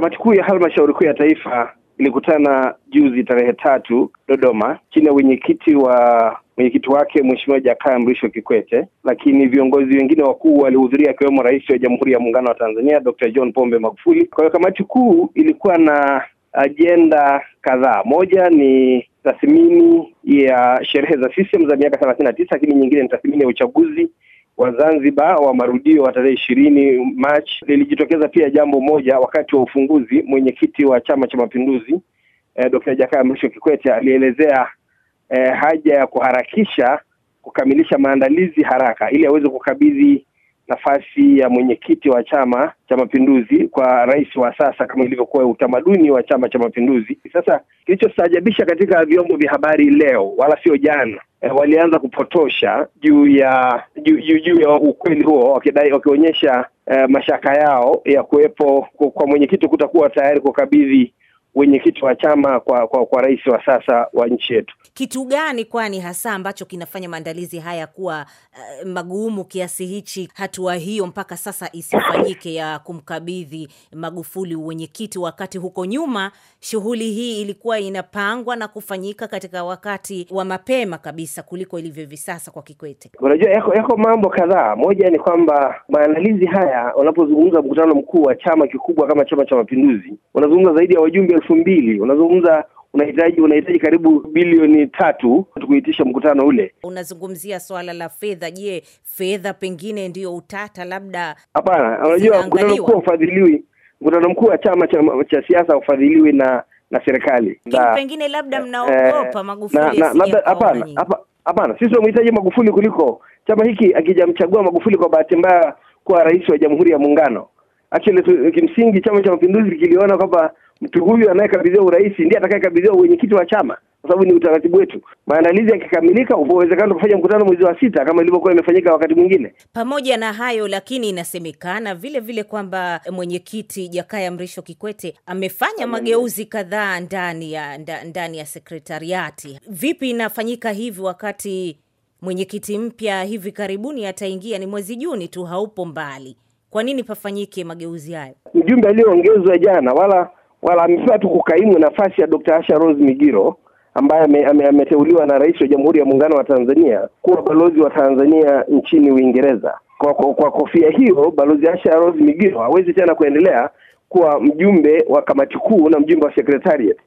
Kamati kuu ya halmashauri kuu ya taifa ilikutana juzi tarehe tatu Dodoma chini ya wenyekiti wa mwenyekiti wake Mheshimiwa Jakaya Mrisho Kikwete, lakini viongozi wengine wakuu walihudhuria akiwemo Rais wa Jamhuri ya Muungano wa Tanzania Dr. John Pombe Magufuli. Kwa hiyo kamati kuu ilikuwa na ajenda kadhaa. Moja ni tathmini ya sherehe za CCM za miaka thelathini na tisa, lakini nyingine ni tathmini ya uchaguzi wa Zanzibar wa marudio wa tarehe ishirini Machi. Lilijitokeza pia jambo moja wakati wa ufunguzi, mwenyekiti wa Chama cha Mapinduzi eh, Dr. Jakaya Mrisho Kikwete alielezea eh, haja ya kuharakisha kukamilisha maandalizi haraka ili aweze kukabidhi nafasi ya mwenyekiti wa Chama cha Mapinduzi kwa rais wa sasa, kama ilivyokuwa utamaduni wa Chama cha Mapinduzi. Sasa kilichostaajabisha katika vyombo vya habari leo, wala sio jana, e, walianza kupotosha juu ya juu ya ukweli huo, wakidai wakionyesha e, mashaka yao ya kuwepo kwa mwenyekiti kutakuwa tayari kukabidhi wenyekiti wa chama kwa, kwa, kwa rais wa sasa wa nchi yetu. Kitu gani kwani hasa ambacho kinafanya maandalizi haya kuwa uh, magumu kiasi hichi, hatua hiyo mpaka sasa isifanyike ya kumkabidhi Magufuli uwenyekiti, wakati huko nyuma shughuli hii ilikuwa inapangwa na kufanyika katika wakati wa mapema kabisa kuliko ilivyo hivi sasa kwa Kikwete? Unajua, yako yako mambo kadhaa. Moja ni kwamba maandalizi haya, unapozungumza mkutano mkuu wa chama kikubwa kama Chama cha Mapinduzi, unazungumza zaidi ya wajumbe elfu mbili unazungumza unahitaji unahitaji karibu bilioni tatu kuitisha mkutano ule. Unazungumzia swala la fedha. Je, fedha pengine ndiyo utata? Labda hapana. Unajua mkutano mkuu haufadhiliwi, mkutano mkuu wa chama cha, cha siasa haufadhiliwi na na serikali. Pengine labda eh, mnaogopa Magufuli. Hapana, sisi wamehitaji Magufuli kuliko chama hiki. Akijamchagua Magufuli kwa bahati mbaya kuwa rais wa Jamhuri ya Muungano, actually kimsingi Chama cha Mapinduzi kiliona kwamba mtu huyu anayekabidhiwa urais ndiye atakayekabidhiwa uwenyekiti wa chama, kwa sababu ni utaratibu wetu. Maandalizi yakikamilika, upo uwezekano kufanya mkutano mwezi wa sita kama ilivyokuwa imefanyika wakati mwingine. Pamoja na hayo lakini, inasemekana vile vile kwamba mwenyekiti Jakaya Mrisho Kikwete amefanya mageuzi kadhaa ndani ya ndani ya sekretariati. Vipi inafanyika hivi wakati mwenyekiti mpya hivi karibuni ataingia? Ni mwezi Juni tu, haupo mbali. Kwa nini pafanyike mageuzi hayo? Mjumbe aliyoongezwa jana wala wala amefaa tu kukaimu nafasi ya Dr. Asha Rose Migiro ambaye ameteuliwa na Rais wa Jamhuri ya Muungano wa Tanzania kuwa balozi wa Tanzania nchini Uingereza. Kwa, kwa, kwa kofia hiyo balozi Asha Rose Migiro hawezi tena kuendelea kuwa mjumbe wa kamati kuu na mjumbe wa secretariat.